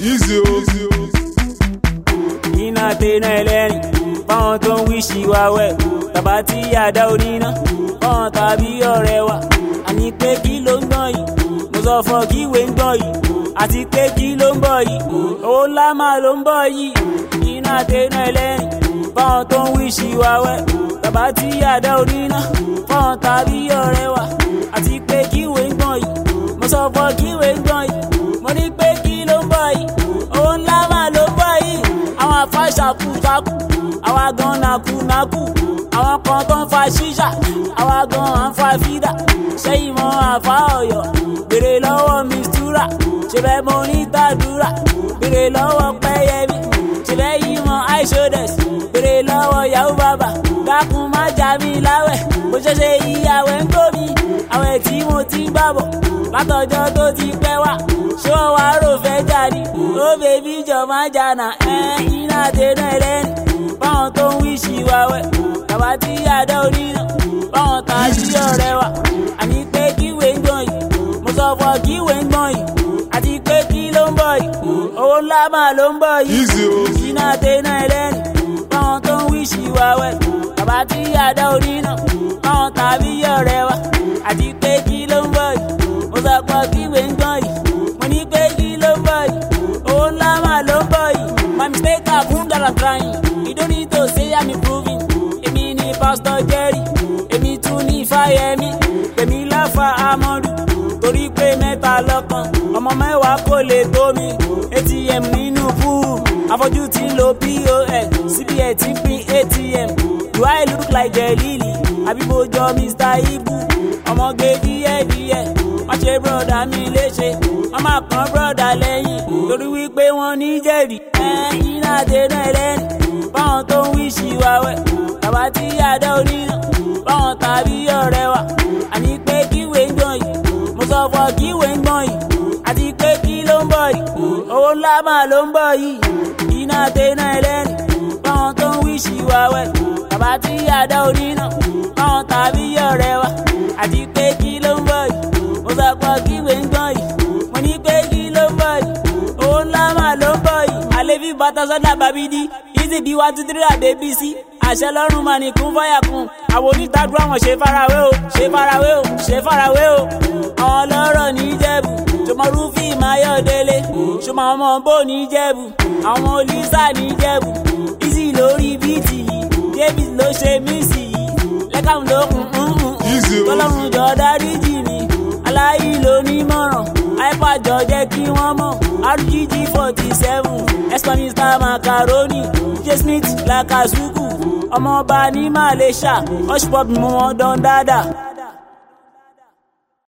Easy, easy. Oh. Nina Tena Eleni, Pọ́n tó ń wíṣì wa wẹ̀, bàbá tí àdá oníná, pọ́n tàbí ọ̀rẹ́ wa. Àní pé kí ló ń gbọ́n yìí, mo sọ fún kíwé ń gbọ́n yìí, àti pé kí ló ń bọ̀ yìí, owó lámà ló ń bọ̀ yìí. Nina Tena Eleni, pọ́n tó ń wíṣì wa wẹ̀ pàtí àdá orí iná fọ́n tàbí ọ̀rẹ́ wa àti pé kíwé ń gbọ̀n yìí mo sọ fọ́ kíwé ń gbọ̀n yìí mo ní pé kí ló ń bọ̀ yìí owó ńlá mà ló ń bọ̀ yìí àwọn afáṣàkù takù àwọn agan nàkú nàkú àwọn kankan fa ṣíṣà àwọn agan à fídà ṣẹ́yìn mọ́ àfa ọ̀yọ́ béèrè lọ́wọ́ mistura ṣẹbẹ́ mo ní tàdúrà béèrè lọ́wọ́ pẹ́yẹmí ṣẹbẹ́ yìí mọ́ aishodes béèrè lọ́wọ́ yahoo ṣẹ̀ṣẹ̀ yí àwẹ̀ ń kó mi àwẹ̀ tí mo ti ń bàbọ̀ látọjọ́ tó ti pẹ́ wá ṣé wọ́n wá rò fẹ́ jà ní. ó bèbí jọ̀mọ́ jàǹdà ẹ̀ iná àtẹnu ẹlẹ́ni báwọn tó ń wíṣì wá wẹ̀ bàbá tí àdá oníná báwọn tá a ọ̀rẹ́ wa àní pé kíwèé ń gbọ̀n yìí mo sọ fún ọ kíwèé ń gbọ̀n yìí àti pé kí ló ń bọ̀ yìí owó ńlá máa ló ń bọ̀ yìí iná àtẹnu ẹlẹ́ni báwọn tó ń wíṣì wá wẹ̀ bàbá tí adá orí náà àwọn tàbí ọ̀rẹ́ wa àti pé kí ló ń bọ̀ yìí mo sọ pé kíwé ń gbọ́n yìí mo ní pé kí ló ń bọ̀ yìí owó ńlá mà ló ń bọ̀ yìí my mistake are full dollar trying you don't need to say I'm èmi ni pastor jerry èmi tún ní fáyemí èmi láfa amọ́dún torí pé mẹ́ta lọ́kàn ọmọ mẹ́wàá kò lè tó mi atm nínú pool afọ́jú ti ń lo pos cbn ti ń pín atm do I look like Jelili àbí mo jọ Mr Ibu ọmọge díẹ̀díẹ̀ wọ́n ṣe bọ́dà mi léṣe wọ́n máa kàn bọ́dà lẹ́yìn torí wípé wọ́n ní jẹ̀rì ẹ̀yìn náà tẹ̀lé ẹlẹ́ni báwọn tó ń wíṣì wá wẹ̀ bàbá tí àdá oníná báwọn tàbí ọ̀rẹ́ wa àní pé kíwèé ń gbọ̀n yìí mo sọ fọ kíwèé ń gbọ̀n yìí àti pé kí ló ń bọ̀ yìí owó ńlá máa ló ń bọ̀ yìí iná tẹ̀lé ẹlẹ́ni báwọn tó ń wíṣì wá wẹ̀ bàbá tí àdá orí náà àwọn tàbí ọ̀rẹ́ wa àti pé kí ló ń bọ̀ yìí mo sọ pé kí ìwé ń gbọ́n yìí mo ní pé kí ló ń bọ̀ yìí òun ńlá mà ló ń bọ̀ yìí àlefi bàtà sọ́dà bàbídí easy bí wàá tútúrú àbẹ́bí sí àṣẹ lọ́rùn mà ní kún fáyà kún àwọn onítàdú àwọn ṣe farawé o ṣe farawé o ṣe farawé o àwọn ọlọ́rọ̀ ní jẹ́bù tòmọ́rú fi ìmáyọ̀délé ṣùgbọ́n ọmọ bò ní jẹ́bù àwọn olùsà ní jẹ́bù easy lórí bíìtì yìí davis ló ṣe mí sí i lẹ́kàn ló kún tọ́lọ́run mm, mm, mm. jọ dáríjì mi aláyí ló ní mọ̀ràn ipa jọ jẹ́ kí wọ́n mọ̀ rgg forty seven extra mr macaroni j smith lakazuku ọmọọba ní malaysia hushpop mú wọn dán dáadáa.